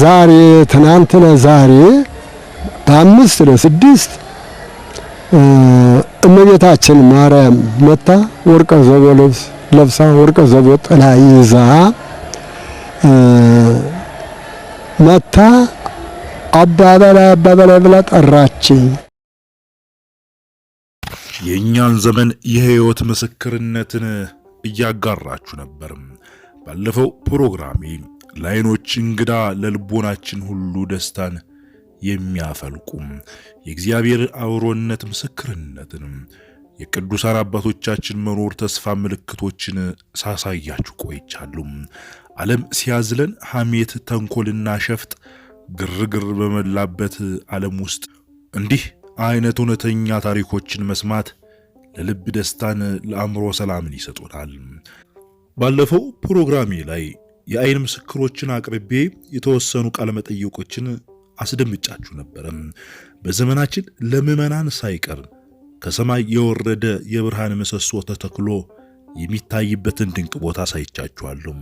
ዛሬ ትናንትና ዛሬ በአምስት ለስድስት እመቤታችን ማርያም መታ ወርቀ ዘቦ ልብስ ለብሳ ወርቀ ዘቦ ጥላ ይዛ መታ አባበላ አባበላይ ብላ ጠራችኝ። የእኛን ዘመን የህይወት ምስክርነትን እያጋራችሁ ነበርም ባለፈው ፕሮግራሜ ለዓይኖች እንግዳ ለልቦናችን ሁሉ ደስታን የሚያፈልቁም የእግዚአብሔር አብሮነት ምስክርነትንም የቅዱሳን አባቶቻችን መኖር ተስፋ ምልክቶችን ሳሳያችሁ ቆይቻሉ። ዓለም ሲያዝለን ሐሜት፣ ተንኮልና ሸፍጥ ግርግር በመላበት ዓለም ውስጥ እንዲህ አይነት እውነተኛ ታሪኮችን መስማት ለልብ ደስታን፣ ለአእምሮ ሰላምን ይሰጡናል። ባለፈው ፕሮግራሜ ላይ የአይን ምስክሮችን አቅርቤ የተወሰኑ ቃለመጠይቆችን አስደምጫችሁ ነበረም። በዘመናችን ለምዕመናን ሳይቀር ከሰማይ የወረደ የብርሃን ምሰሶ ተተክሎ የሚታይበትን ድንቅ ቦታ አሳይቻችኋለሁ።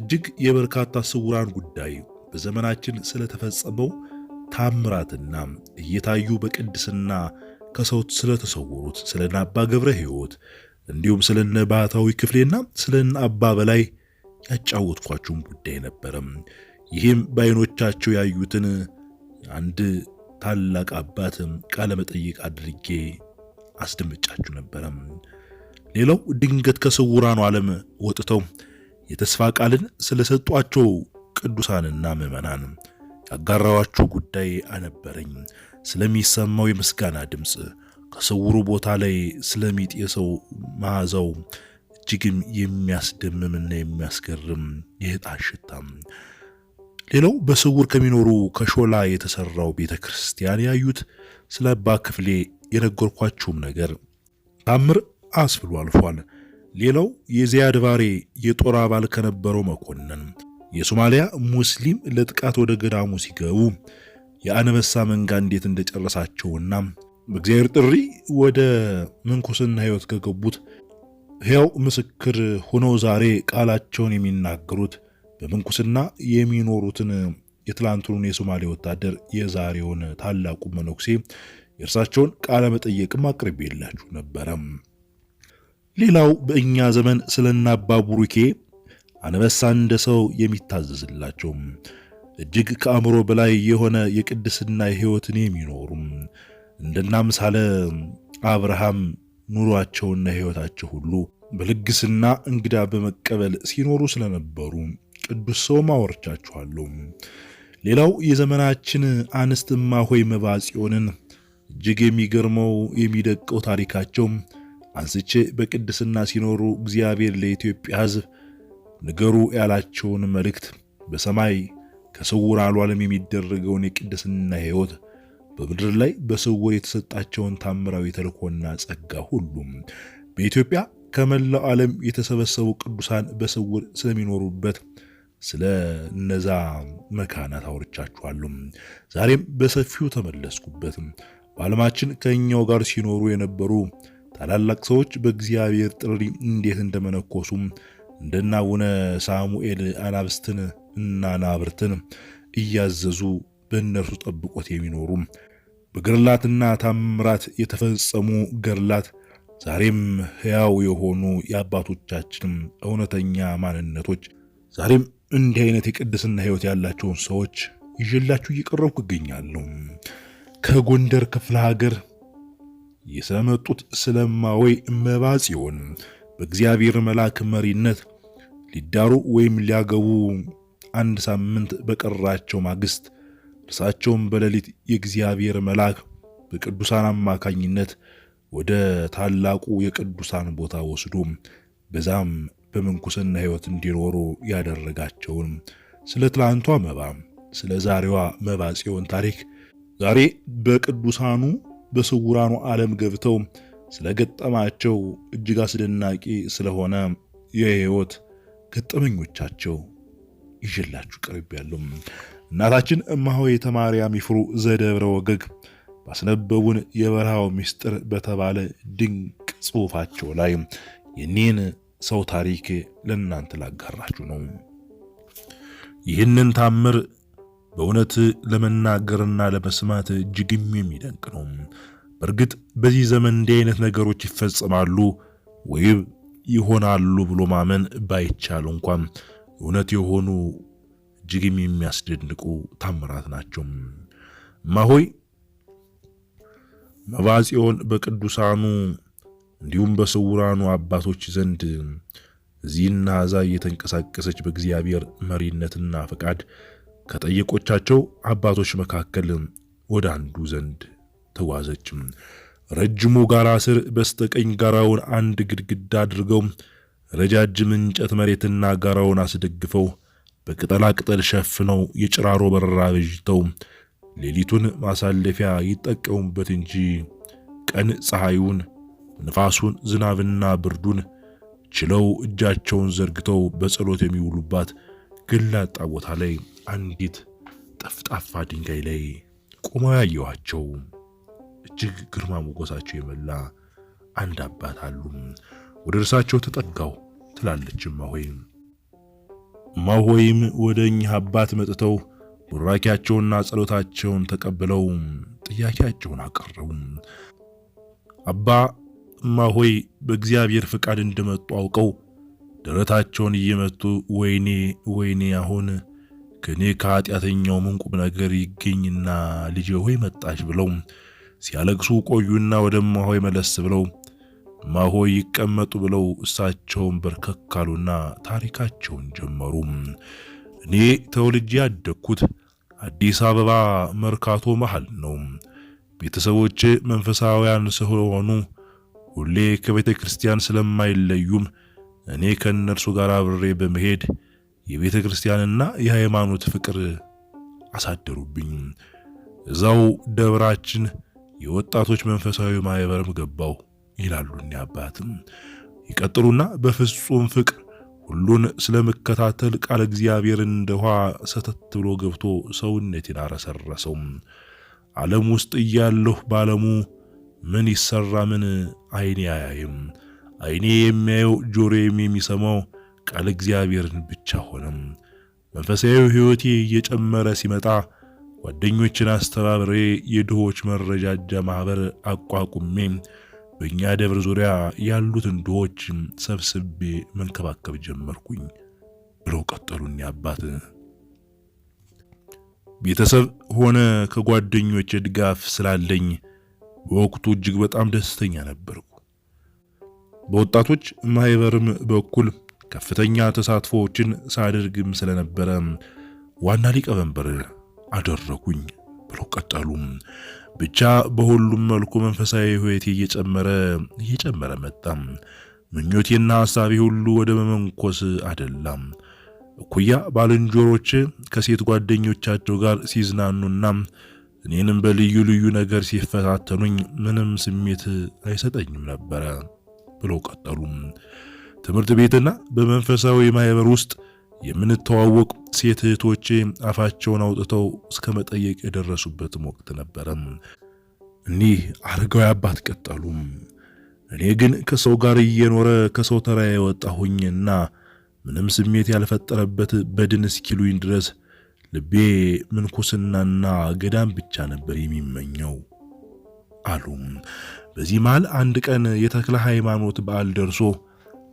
እጅግ የበርካታ ስውራን ጉዳይ በዘመናችን ስለተፈጸመው ታምራትና እየታዩ በቅድስና ከሰው ስለተሰወሩት ስለነ አባ ገብረ ሕይወት እንዲሁም ስለነ ባህታዊ ክፍሌና ስለነ አባ በላይ ያጫወትኳችሁን ጉዳይ ነበረም። ይህም በአይኖቻቸው ያዩትን አንድ ታላቅ አባት ቃለ መጠይቅ አድርጌ አስደምጫችሁ ነበረም። ሌላው ድንገት ከስውራኑ ዓለም ወጥተው የተስፋ ቃልን ስለሰጧቸው ቅዱሳንና ምዕመናን ያጋራዋችሁ ጉዳይ አነበረኝ። ስለሚሰማው የምስጋና ድምፅ፣ ከስውሩ ቦታ ላይ ስለሚጤሰው መዓዛው እጅግም የሚያስደምምና የሚያስገርም የዕጣን ሽታ። ሌላው በስውር ከሚኖሩ ከሾላ የተሰራው ቤተ ክርስቲያን ያዩት ስለ አባ ክፍሌ የነገርኳችሁም ነገር ታምር አስብሎ አልፏል። ሌላው የዚያድ ባሬ የጦር አባል ከነበረው መኮንን የሶማሊያ ሙስሊም ለጥቃት ወደ ገዳሙ ሲገቡ የአንበሳ መንጋ እንዴት እንደጨረሳቸውና በእግዚአብሔር ጥሪ ወደ ምንኩስና ሕይወት ከገቡት ሕያው ምስክር ሆኖ ዛሬ ቃላቸውን የሚናገሩት በምንኩስና የሚኖሩትን የትላንቱን የሶማሌ ወታደር የዛሬውን ታላቁ መነኩሴ የእርሳቸውን ቃለ መጠየቅም አቅርቤላችሁ ነበረም። ሌላው በእኛ ዘመን ስለናባቡሩኬ አባ አንበሳ እንደ ሰው የሚታዘዝላቸው እጅግ ከአእምሮ በላይ የሆነ የቅድስና ሕይወትን የሚኖሩም እንደናምሳለ አብርሃም ኑሯቸውና ሕይወታቸው ሁሉ በልግስና እንግዳ በመቀበል ሲኖሩ ስለነበሩ ቅዱስ ሰው ማወርቻችኋለሁ። ሌላው የዘመናችን አንስት እማሆይ መባጽዮንን እጅግ የሚገርመው የሚደቀው ታሪካቸው አንስቼ በቅድስና ሲኖሩ እግዚአብሔር ለኢትዮጵያ ሕዝብ ንገሩ ያላቸውን መልእክት በሰማይ ከስውር ዓለም የሚደረገውን የቅድስና ሕይወት በምድር ላይ በስውር የተሰጣቸውን ታምራዊ ተልኮና ጸጋ ሁሉም በኢትዮጵያ ከመላው ዓለም የተሰበሰቡ ቅዱሳን በስውር ስለሚኖሩበት ስለ እነዛ መካናት አውርቻችኋለሁ። ዛሬም በሰፊው ተመለስኩበት። በዓለማችን ከእኛው ጋር ሲኖሩ የነበሩ ታላላቅ ሰዎች በእግዚአብሔር ጥሪ እንዴት እንደመነኮሱ እንደና አቡነ ሳሙኤል አናብስትን እና ናብርትን እያዘዙ በእነርሱ ጠብቆት የሚኖሩ በግርላትና ታምራት የተፈጸሙ ገርላት ዛሬም ሕያው የሆኑ የአባቶቻችንም እውነተኛ ማንነቶች ዛሬም እንዲህ አይነት የቅድስና ሕይወት ያላቸውን ሰዎች ይዤላችሁ እየቀረብኩ ይገኛሉ። ከጎንደር ክፍለ ሀገር የሰመጡት ስለማወይ መባጽዮን በእግዚአብሔር መልአክ መሪነት ሊዳሩ ወይም ሊያገቡ አንድ ሳምንት በቀራቸው ማግስት እርሳቸውም በሌሊት የእግዚአብሔር መልአክ በቅዱሳን አማካኝነት ወደ ታላቁ የቅዱሳን ቦታ ወስዶ በዛም በምንኩስና ሕይወት እንዲኖሩ ያደረጋቸውን ስለ ትላንቷ መባ፣ ስለ ዛሬዋ መባ ጽዮን ታሪክ ዛሬ በቅዱሳኑ በስውራኑ ዓለም ገብተው ስለገጠማቸው እጅግ አስደናቂ ስለሆነ የሕይወት ገጠመኞቻቸው ይዤላችሁ ቀርቤያለሁ። እናታችን እማሆይ ተማርያም ይፍሩ ዘደብረ ወገግ ባስነበቡን የበረሃው ምስጢር በተባለ ድንቅ ጽሑፋቸው ላይ የኔን ሰው ታሪክ ለእናንተ ላጋራችሁ ነው። ይህንን ታምር በእውነት ለመናገርና ለመስማት እጅግም የሚደንቅ ነው። በእርግጥ በዚህ ዘመን እንዲህ አይነት ነገሮች ይፈጸማሉ ወይም ይሆናሉ ብሎ ማመን ባይቻል እንኳን እውነት የሆኑ እጅግም የሚያስደንቁ ታምራት ናቸው። ማሆይ መባፂዮን በቅዱሳኑ እንዲሁም በስውራኑ አባቶች ዘንድ እዚህና እዛ እየተንቀሳቀሰች በእግዚአብሔር መሪነትና ፈቃድ ከጠየቆቻቸው አባቶች መካከል ወደ አንዱ ዘንድ ተጓዘች። ረጅሙ ጋራ ስር በስተቀኝ ጋራውን አንድ ግድግዳ አድርገው ረጃጅም እንጨት መሬትና ጋራውን አስደግፈው በቅጠላቅጠል ሸፍነው የጭራሮ በረራ በጅተው ሌሊቱን ማሳለፊያ ይጠቀሙበት እንጂ ቀን ፀሐዩን፣ ንፋሱን፣ ዝናብና ብርዱን ችለው እጃቸውን ዘርግተው በጸሎት የሚውሉባት ገላጣ ቦታ ላይ አንዲት ጠፍጣፋ ድንጋይ ላይ ቆመው ያየኋቸው እጅግ ግርማ ሞገሳቸው የሞላ አንድ አባት አሉ። ወደ እርሳቸው ተጠጋው ትላለች እማሆይ። ማሆይም ወደ እኚህ አባት መጥተው ቡራኪያቸውንና ጸሎታቸውን ተቀብለው ጥያቄያቸውን አቀረቡ። አባ ማሆይ በእግዚአብሔር ፍቃድ እንደመጡ አውቀው ደረታቸውን እየመቱ ወይኔ ወይኔ አሁን ከኔ ከኃጢአተኛው ምን ቁም ነገር ይገኝና ልጄ ሆይ መጣሽ ብለው ሲያለቅሱ ቆዩና ወደ እማሆይ መለስ ብለው እማሆይ ይቀመጡ ብለው እሳቸውን በርከካሉና ታሪካቸውን ጀመሩ። እኔ ተወልጄ ያደግኩት አዲስ አበባ መርካቶ መሃል ነው። ቤተሰቦች መንፈሳውያን ስለሆኑ ሁሌ ከቤተ ክርስቲያን ስለማይለዩም እኔ ከእነርሱ ጋር አብሬ በመሄድ የቤተ ክርስቲያንና የሃይማኖት ፍቅር አሳደሩብኝ። እዛው ደብራችን የወጣቶች መንፈሳዊ ማህበርም ገባው ይላሉ እኒ አባትም ይቀጥሉና በፍጹም ፍቅር ሁሉን ስለመከታተል ቃል እግዚአብሔር እንደ ውሃ ሰተት ብሎ ገብቶ ሰውነቴን አረሰረሰው። ዓለም ውስጥ እያለሁ ባለሙ ምን ይሰራ ምን አይኔ አያይም። አይኔ የሚያየው ጆሮዬም የሚሰማው ቃል እግዚአብሔርን ብቻ ሆነም። መንፈሳዊ ሕይወቴ እየጨመረ ሲመጣ ጓደኞችን አስተባብሬ የድሆች መረጃጃ ማህበር አቋቁሜ በእኛ ደብር ዙሪያ ያሉትን ድሆች ሰብስቤ መንከባከብ ጀመርኩኝ ብለው ቀጠሉኝ አባት። ቤተሰብ ሆነ ከጓደኞች ድጋፍ ስላለኝ በወቅቱ እጅግ በጣም ደስተኛ ነበርኩ። በወጣቶች ማህበርም በኩል ከፍተኛ ተሳትፎዎችን ሳደርግም ስለነበረ ዋና ሊቀመንበር አደረጉኝ። ብለው ቀጠሉ። ብቻ በሁሉም መልኩ መንፈሳዊ ሕይወቴ እየጨመረ እየጨመረ መጣ። ምኞቴና ሀሳቤ ሁሉ ወደ መመንኮስ አደላም። እኩያ ባልንጀሮች ከሴት ጓደኞቻቸው ጋር ሲዝናኑና እኔንም በልዩ ልዩ ነገር ሲፈታተኑኝ ምንም ስሜት አይሰጠኝም ነበረ ብለው ቀጠሉ። ትምህርት ቤትና በመንፈሳዊ ማህበር ውስጥ የምንተዋወቅ ሴት እህቶቼ አፋቸውን አውጥተው እስከ መጠየቅ የደረሱበትም ወቅት ነበረም። እኒህ አረጋዊ አባት ቀጠሉም። እኔ ግን ከሰው ጋር እየኖረ ከሰው ተራ የወጣሁኝና ምንም ስሜት ያልፈጠረበት በድን እስኪሉኝ ድረስ ልቤ ምንኩስናና ገዳም ብቻ ነበር የሚመኘው አሉም። በዚህ መሃል አንድ ቀን የተክለ ሃይማኖት በዓል ደርሶ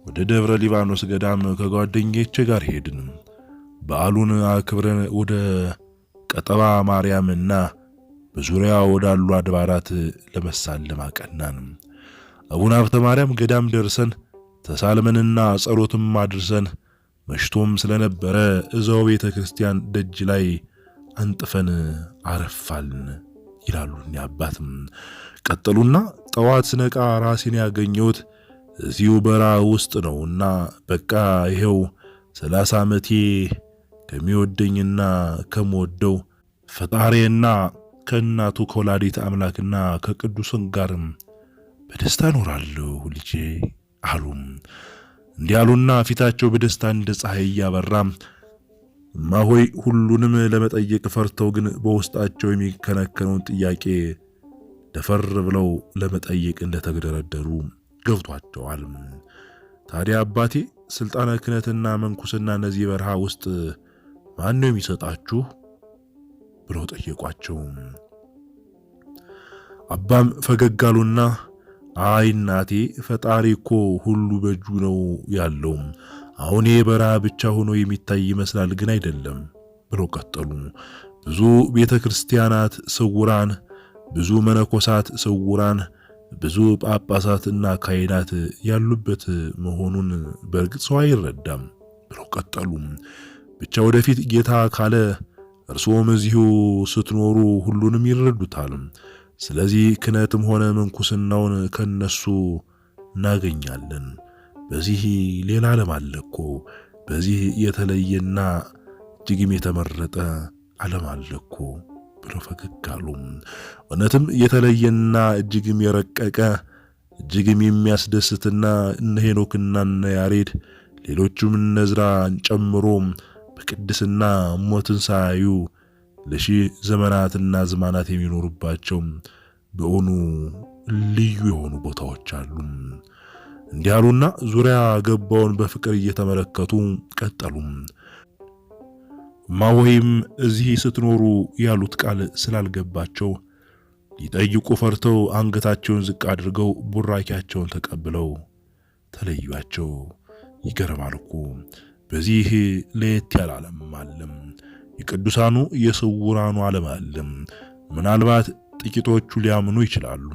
ወደ ደብረ ሊባኖስ ገዳም ከጓደኞቼ ጋር ሄድን። በዓሉን አክብረን ወደ ቀጠባ ማርያምና በዙሪያ ወዳሉ አድባራት ለመሳለም አቀናን። አቡነ ሀብተ ማርያም ገዳም ደርሰን ተሳልመንና ጸሎትም አድርሰን መሽቶም ስለነበረ እዛው ቤተ ክርስቲያን ደጅ ላይ አንጥፈን አረፋልን ይላሉ እኒ አባትም። ቀጠሉና ጠዋት ስነቃ ራሴን ያገኘሁት እዚሁ በራ ውስጥ ነውና በቃ ይኸው ሰላሳ ዓመቴ ከሚወደኝና ከምወደው ፈጣሪና ከእናቱ ከወላዲት አምላክና ከቅዱስን ጋርም በደስታ እኖራለሁ ልጄ አሉም። እንዲህ አሉና ፊታቸው በደስታ እንደ ፀሐይ እያበራ እማሆይ ሁሉንም ለመጠየቅ ፈርተው ግን በውስጣቸው የሚከነከነውን ጥያቄ ደፈር ብለው ለመጠየቅ እንደተገደረደሩ ገብቷቸዋል። ታዲያ አባቴ ስልጣነ ክህነትና መንኩስና እነዚህ በረሃ ውስጥ ማን ነው የሚሰጣችሁ ብለው ጠየቋቸው። አባም ፈገግ አሉና አይ እናቴ፣ ፈጣሪ እኮ ሁሉ በእጁ ነው ያለው። አሁን ይሄ በረሃ ብቻ ሆኖ የሚታይ ይመስላል፣ ግን አይደለም ብለው ቀጠሉ። ብዙ ቤተ ክርስቲያናት ስውራን፣ ብዙ መነኮሳት ስውራን ብዙ ጳጳሳትና ካህናት ያሉበት መሆኑን በእርግጥ ሰው አይረዳም ብለው ቀጠሉም። ብቻ ወደፊት ጌታ ካለ እርስም እዚሁ ስትኖሩ ሁሉንም ይረዱታል። ስለዚህ ክህነትም ሆነ ምንኩስናውን ከነሱ እናገኛለን። በዚህ ሌላ ዓለም አለ እኮ። በዚህ የተለየና እጅግም የተመረጠ ዓለም አለ እኮ። ብሎ ፈገግ አሉ። እውነትም የተለየና እጅግም የረቀቀ እጅግም የሚያስደስትና እነ ሄኖክና እነ ያሬድ ሌሎቹም እነ ዕዝራን ጨምሮ በቅድስና ሞትን ሳያዩ ለሺህ ዘመናትና ዘማናት የሚኖሩባቸው በእውኑ ልዩ የሆኑ ቦታዎች አሉ። እንዲህ አሉና ዙሪያ ገባውን በፍቅር እየተመለከቱ ቀጠሉ። ወይም እዚህ ስትኖሩ ያሉት ቃል ስላልገባቸው ሊጠይቁ ፈርተው አንገታቸውን ዝቅ አድርገው ቡራኪያቸውን ተቀብለው ተለዩአቸው። ይገርማል እኮ በዚህ ለየት ያለ ዓለም አለም የቅዱሳኑ የስውራኑ ዓለም አለም። ምናልባት ጥቂቶቹ ሊያምኑ ይችላሉ።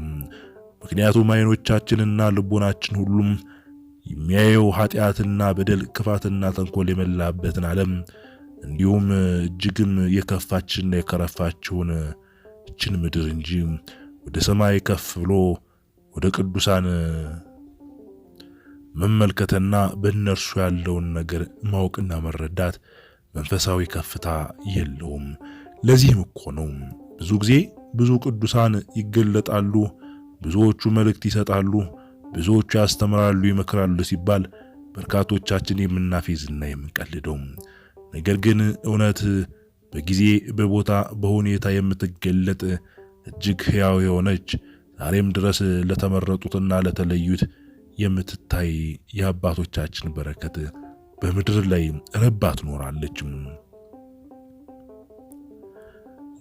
ምክንያቱም አይኖቻችንና ልቦናችን ሁሉም የሚያየው ኃጢአትና በደል ክፋትና ተንኮል የመላበትን ዓለም እንዲሁም እጅግም የከፋችና የከረፋችውን እችን ምድር እንጂ ወደ ሰማይ ከፍ ብሎ ወደ ቅዱሳን መመልከትና በእነርሱ ያለውን ነገር ማወቅና መረዳት መንፈሳዊ ከፍታ የለውም። ለዚህም እኮ ነው ብዙ ጊዜ ብዙ ቅዱሳን ይገለጣሉ፣ ብዙዎቹ መልእክት ይሰጣሉ፣ ብዙዎቹ ያስተምራሉ፣ ይመክራሉ ሲባል በርካቶቻችን የምናፌዝና የምንቀልደው ነገር ግን እውነት በጊዜ በቦታ በሁኔታ የምትገለጥ እጅግ ሕያው የሆነች ዛሬም ድረስ ለተመረጡትና ለተለዩት የምትታይ የአባቶቻችን በረከት በምድር ላይ ረባ ትኖራለች።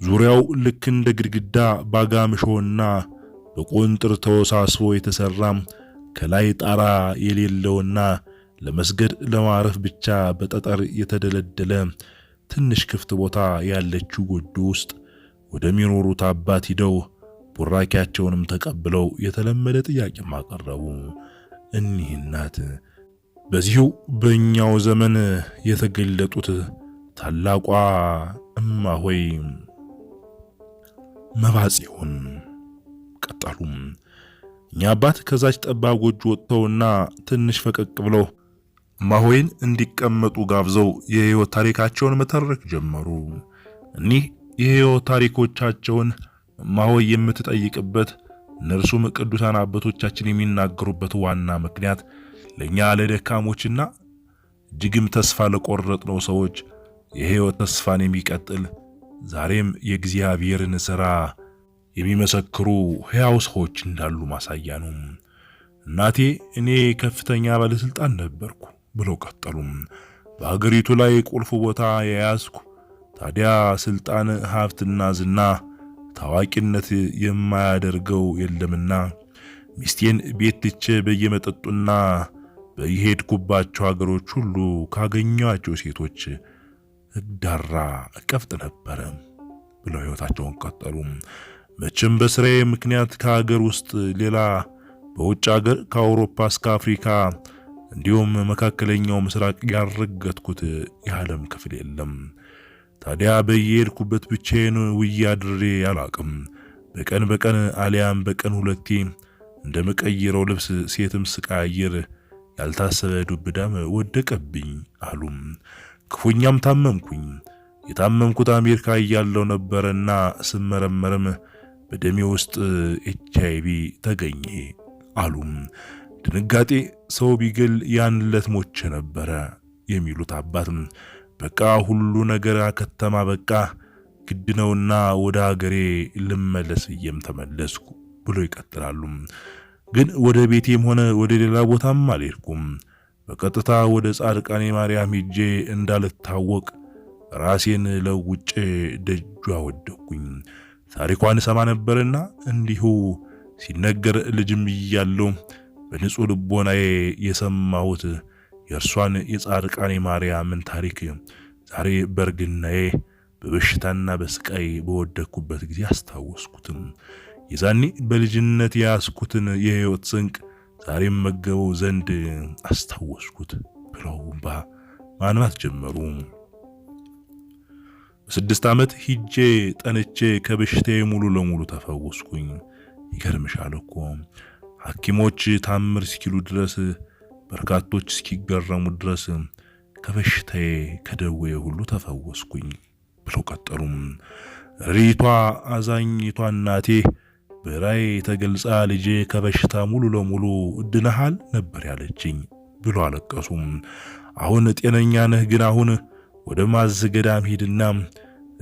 ዙሪያው ልክ እንደ ግድግዳ ባጋምሾና በቆንጥር ተወሳስቦ የተሰራ ከላይ ጣራ የሌለውና ለመስገድ ለማረፍ ብቻ በጠጠር የተደለደለ ትንሽ ክፍት ቦታ ያለችው ጎጆ ውስጥ ወደሚኖሩት አባት ሂደው ቡራኪያቸውንም ተቀብለው የተለመደ ጥያቄም አቀረቡ። እኒህ እናት በዚሁ በእኛው ዘመን የተገለጡት ታላቋ እማ ሆይ ቀጠሉም። እኛ አባት ከዛች ጠባብ ጎጆ ወጥተውና ትንሽ ፈቀቅ ብለው ማሆይን እንዲቀመጡ ጋብዘው የህይወት ታሪካቸውን መተረክ ጀመሩ። እኒህ የህይወት ታሪኮቻቸውን ማሆይ የምትጠይቅበት እነርሱም ቅዱሳን አባቶቻችን የሚናገሩበት ዋና ምክንያት ለኛ ለደካሞችና እጅግም ተስፋ ለቆረጥነው ሰዎች የህይወት ተስፋን የሚቀጥል ዛሬም የእግዚአብሔርን ሥራ የሚመሰክሩ ሕያው ሰዎች እንዳሉ ማሳያ ነው። እናቴ እኔ ከፍተኛ ባለስልጣን ነበርኩ። ብለው ቀጠሉም። በአገሪቱ ላይ ቁልፍ ቦታ የያዝኩ ታዲያ ስልጣን፣ ሀብትና ዝና ታዋቂነት የማያደርገው የለምና ሚስቴን ቤት ትቼ በየመጠጡና በየሄድኩባቸው ሀገሮች ሁሉ ካገኘኋቸው ሴቶች እዳራ እቀፍጥ ነበረ ብለው ሕይወታቸውን ቀጠሉ። መቼም በስራዬ ምክንያት ከሀገር ውስጥ ሌላ በውጭ ሀገር ከአውሮፓ እስከ አፍሪካ እንዲሁም መካከለኛው ምስራቅ ያረገጥኩት የዓለም ክፍል የለም። ታዲያ በየሄድኩበት ብቻዬን ውዬ አድሬ አላቅም። በቀን በቀን አሊያም በቀን ሁለቴ እንደምቀይረው ልብስ ሴትም ስቃየር ያልታሰበ ዱብዳም ወደቀብኝ አሉ። ክፉኛም ታመምኩኝ። የታመምኩት አሜሪካ እያለው ነበረና ስመረመርም በደሜ ውስጥ ኤች ቪ ተገኘ አሉም። ድንጋጤ ሰው ቢገል ያን ለት ሞቼ ነበረ የሚሉት አባት በቃ ሁሉ ነገር አከተማ በቃ ግድ ነውና ወደ አገሬ ልመለስ ብዬም ተመለስኩ ብሎ ይቀጥላሉ። ግን ወደ ቤቴም ሆነ ወደ ሌላ ቦታም አልሄድኩም። በቀጥታ ወደ ጻድቃኔ ማርያም ሄጄ እንዳልታወቅ ራሴን ለውጬ ደጇ ወደኩኝ። ታሪኳን ሰማ ነበርና እንዲሁ ሲነገር ልጅም እያለሁ በንጹሕ ልቦናዬ የሰማሁት የእርሷን የጻድቃኔ ማርያምን ታሪክ ዛሬ በእርግናዬ በበሽታና በስቃይ በወደግኩበት ጊዜ አስታወስኩትም። የዛኔ በልጅነት የያዝኩትን የሕይወት ስንቅ ዛሬም መገበው ዘንድ አስታወስኩት ብለው ባ ማንባት ጀመሩ። በስድስት ዓመት ሂጄ ጠንቼ ከበሽታዬ ሙሉ ለሙሉ ተፈወስኩኝ። ይገርምሻል እኮ ሐኪሞች ታምር እስኪሉ ድረስ በርካቶች እስኪገረሙ ድረስ ከበሽታዬ ከደዌ ሁሉ ተፈወስኩኝ ብለው ቀጠሉም። ሪቷ አዛኝቷ እናቴ በራይ ተገልጻ ልጄ ከበሽታ ሙሉ ለሙሉ እድነሃል ነበር ያለችኝ ብሎ አለቀሱም። አሁን ጤነኛ ነህ፣ ግን አሁን ወደ ማዘገዳም ሂድና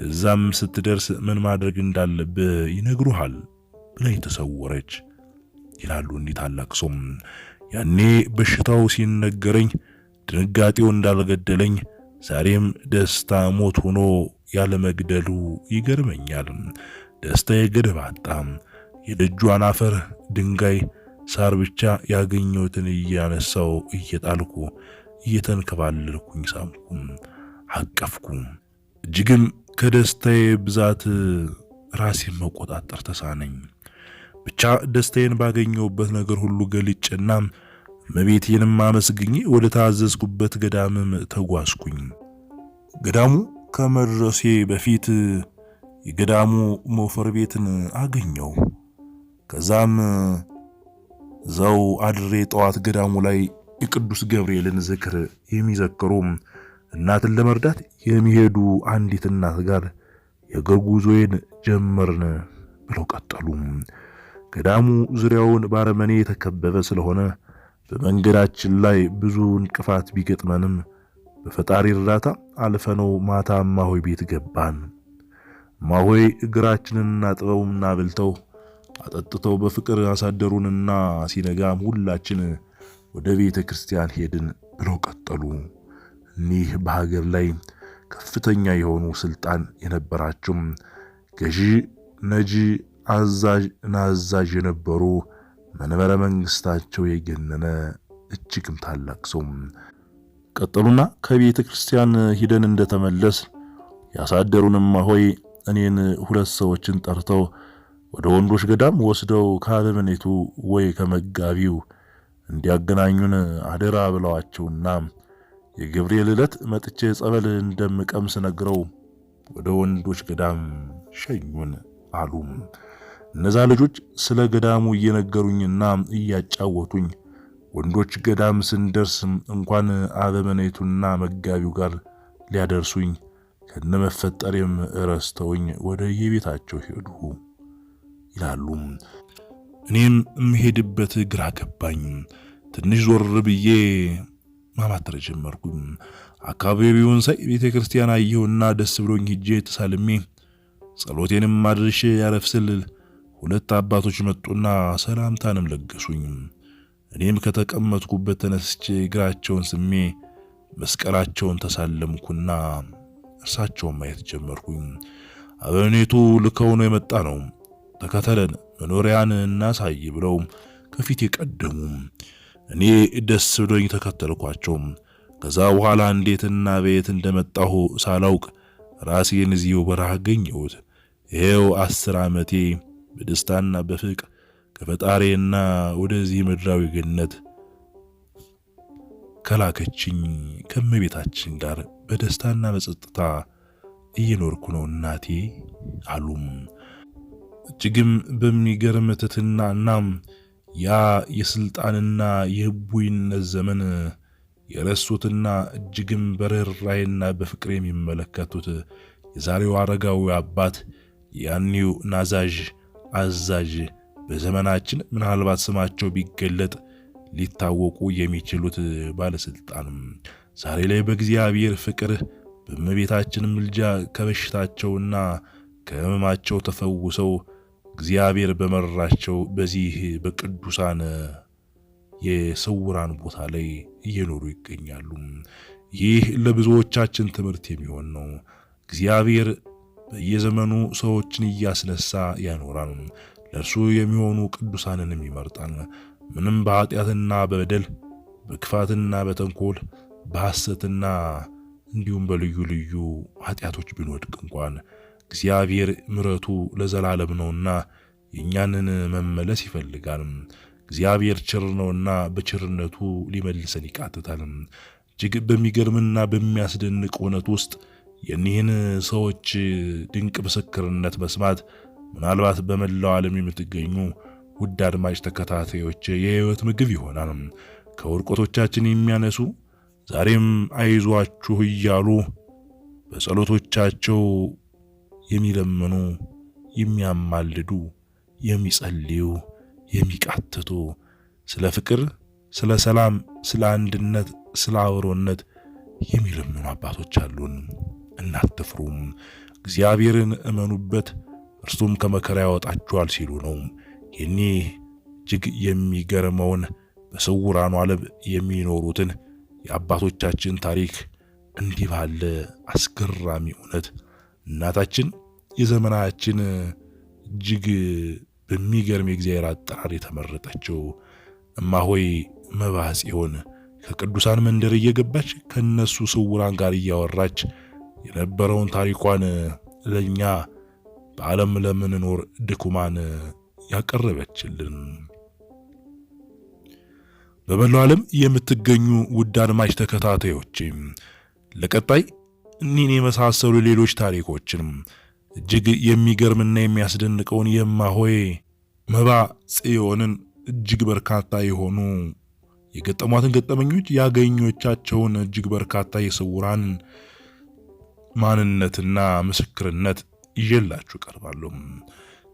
እዛም ስትደርስ ምን ማድረግ እንዳለብህ ይነግሩሃል ብላ የተሰወረች ይላሉ እኒህ ታላቅ ሰው። ያኔ በሽታው ሲነገረኝ ድንጋጤው እንዳልገደለኝ ዛሬም ደስታ ሞት ሆኖ ያለመግደሉ ይገርመኛል። ደስታ የገደብ አጣ። የደጇን አፈር፣ ድንጋይ፣ ሳር ብቻ ያገኘሁትን እያነሳው እየጣልኩ እየተንከባለልኩኝ ሳምኩ፣ አቀፍኩ። እጅግም ከደስታዬ ብዛት ራሴን መቆጣጠር ተሳነኝ። ብቻ ደስታዬን ባገኘውበት ነገር ሁሉ ገልጬና እመቤቴንም አመስግኜ ወደ ታዘዝኩበት ገዳምም ተጓዝኩኝ። ገዳሙ ከመድረሴ በፊት የገዳሙ ሞፈር ቤትን አገኘው። ከዛም ዘው አድሬ ጠዋት ገዳሙ ላይ የቅዱስ ገብርኤልን ዝክር የሚዘክሩ እናትን ለመርዳት የሚሄዱ አንዲት እናት ጋር የእግር ጉዞዬን ጀመርን ብለው ቀጠሉ። ገዳሙ ዙሪያውን ባረመኔ የተከበበ ስለሆነ በመንገዳችን ላይ ብዙ እንቅፋት ቢገጥመንም በፈጣሪ እርዳታ አልፈነው ማታ እማሆይ ቤት ገባን። እማሆይ እግራችንን አጥበውና አብልተው አጠጥተው በፍቅር አሳደሩንና ሲነጋም ሁላችን ወደ ቤተ ክርስቲያን ሄድን ብለው ቀጠሉ። እኒህ በሀገር ላይ ከፍተኛ የሆኑ ስልጣን የነበራቸውም ገዢ ነጂ አዛዥ ናዛዥ የነበሩ መንበረ መንግስታቸው የገነነ እጅግም ታላቅ ሰው ቀጠሉና ከቤተ ክርስቲያን ሂደን እንደተመለስ ያሳደሩንማ ሆይ እኔን ሁለት ሰዎችን ጠርተው ወደ ወንዶች ገዳም ወስደው ካለምኔቱ ወይ ከመጋቢው እንዲያገናኙን አደራ ብለዋቸውና የገብርኤል ዕለት መጥቼ ጸበል እንደምቀምስ ነግረው ወደ ወንዶች ገዳም ሸኙን አሉ። እነዛ ልጆች ስለ ገዳሙ እየነገሩኝና እያጫወቱኝ ወንዶች ገዳም ስንደርስ እንኳን አበመኔቱና መጋቢው ጋር ሊያደርሱኝ ከነመፈጠሬም እረስተውኝ ወደ የቤታቸው ሄዱ ይላሉ። እኔም የምሄድበት ግራ ገባኝ። ትንሽ ዞር ብዬ ማማተር ጀመርኩኝ። አካባቢውን ሳይ ቤተ ክርስቲያን አየሁና ደስ ብሎኝ ሂጄ ተሳልሜ ጸሎቴንም አድርሼ ያረፍስልል ሁለት አባቶች መጡና ሰላምታንም ለገሱኝ። እኔም ከተቀመጥኩበት ተነስቼ እግራቸውን ስሜ መስቀላቸውን ተሳለምኩና እርሳቸውን ማየት ጀመርኩኝ። አበኔቱ ልከው ነው የመጣ ነው፣ ተከተለን መኖሪያን እናሳይ ብለው ከፊት ቀደሙ። እኔ ደስ ብሎኝ ተከተልኳቸው። ከዛ በኋላ እንዴትና በየት እንደመጣሁ ሳላውቅ ራሴን እዚሁ በረሃ አገኘሁት። ይሄው አስር ዓመቴ በደስታና በፍቅር ከፈጣሪና ወደዚህ ምድራዊ ገነት ከላከችኝ ከመቤታችን ጋር በደስታና በጸጥታ እየኖርኩ ነው እናቴ አሉም። እጅግም በሚገርም ትህትና እናም ያ የስልጣንና የህቡይነት ዘመን የረሱትና እጅግም በርኅራኄና በፍቅር የሚመለከቱት የዛሬው አረጋዊ አባት ያኔው ናዛዥ አዛዥ በዘመናችን ምናልባት ስማቸው ቢገለጥ ሊታወቁ የሚችሉት ባለስልጣን ዛሬ ላይ በእግዚአብሔር ፍቅር በእመቤታችን ምልጃ ከበሽታቸውና ከህመማቸው ተፈውሰው እግዚአብሔር በመራቸው በዚህ በቅዱሳን የስውራን ቦታ ላይ እየኖሩ ይገኛሉ። ይህ ለብዙዎቻችን ትምህርት የሚሆን ነው። እግዚአብሔር በየዘመኑ ሰዎችን እያስነሳ ያኖራል። ለእርሱ የሚሆኑ ቅዱሳንንም ይመርጣል። ምንም በኃጢአትና በበደል በክፋትና በተንኮል በሐሰትና እንዲሁም በልዩ ልዩ ኃጢአቶች ብንወድቅ እንኳን እግዚአብሔር ምረቱ ለዘላለም ነውና የእኛንን መመለስ ይፈልጋል። እግዚአብሔር ችር ነውና በችርነቱ ሊመልሰን ይቃትታል። እጅግ በሚገርምና በሚያስደንቅ እውነት ውስጥ የኒህን ሰዎች ድንቅ ምስክርነት መስማት ምናልባት በመላው ዓለም የምትገኙ ውድ አድማጭ ተከታታዮች የህይወት ምግብ ይሆናል። ከውድቀቶቻችን የሚያነሱ ዛሬም አይዟችሁ እያሉ በጸሎቶቻቸው የሚለምኑ፣ የሚያማልዱ፣ የሚጸልዩ፣ የሚቃትቱ ስለ ፍቅር፣ ስለ ሰላም፣ ስለ አንድነት፣ ስለ አብሮነት የሚለምኑ አባቶች አሉን። እናትፍሩም፣ እግዚአብሔርን እመኑበት፣ እርሱም ከመከራ ያወጣችኋል ሲሉ ነው። ይህኔ እጅግ የሚገርመውን በስውራኑ ዓለም የሚኖሩትን የአባቶቻችን ታሪክ እንዲህ ባለ አስገራሚ እውነት እናታችን የዘመናችን እጅግ በሚገርም የእግዚአብሔር አጠራር የተመረጠችው እማሆይ መባጽዮን ከቅዱሳን መንደር እየገባች ከነሱ ስውራን ጋር እያወራች የነበረውን ታሪኳን ለኛ በዓለም ለምንኖር ድኩማን ያቀረበችልን በመላው ዓለም የምትገኙ ውድ አድማጭ ተከታታዮች ለቀጣይ እኒህን የመሳሰሉ ሌሎች ታሪኮችን እጅግ የሚገርምና የሚያስደንቀውን የማሆይ መባ ጽዮንን እጅግ በርካታ የሆኑ የገጠሟትን ገጠመኞች ያገኞቻቸውን እጅግ በርካታ የስውራን ማንነትና ምስክርነት ይዤላችሁ ቀርባሉ።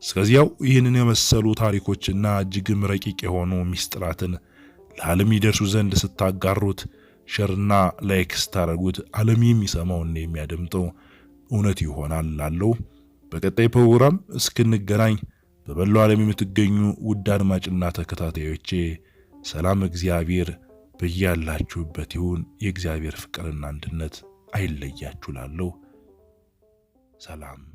እስከዚያው ይህንን የመሰሉ ታሪኮችና እጅግም ረቂቅ የሆኑ ሚስጥራትን ለዓለም ይደርሱ ዘንድ ስታጋሩት ሸርና ላይክ ስታደርጉት ዓለም የሚሰማውና የሚያደምጠው እውነት ይሆናል ላለው በቀጣይ ፕሮግራም እስክንገናኝ በበላው ዓለም የምትገኙ ውድ አድማጭና ተከታታዮቼ ሰላም፣ እግዚአብሔር በያላችሁበት ይሁን። የእግዚአብሔር ፍቅርና አንድነት አይለያችሁ ላለሁ ሰላም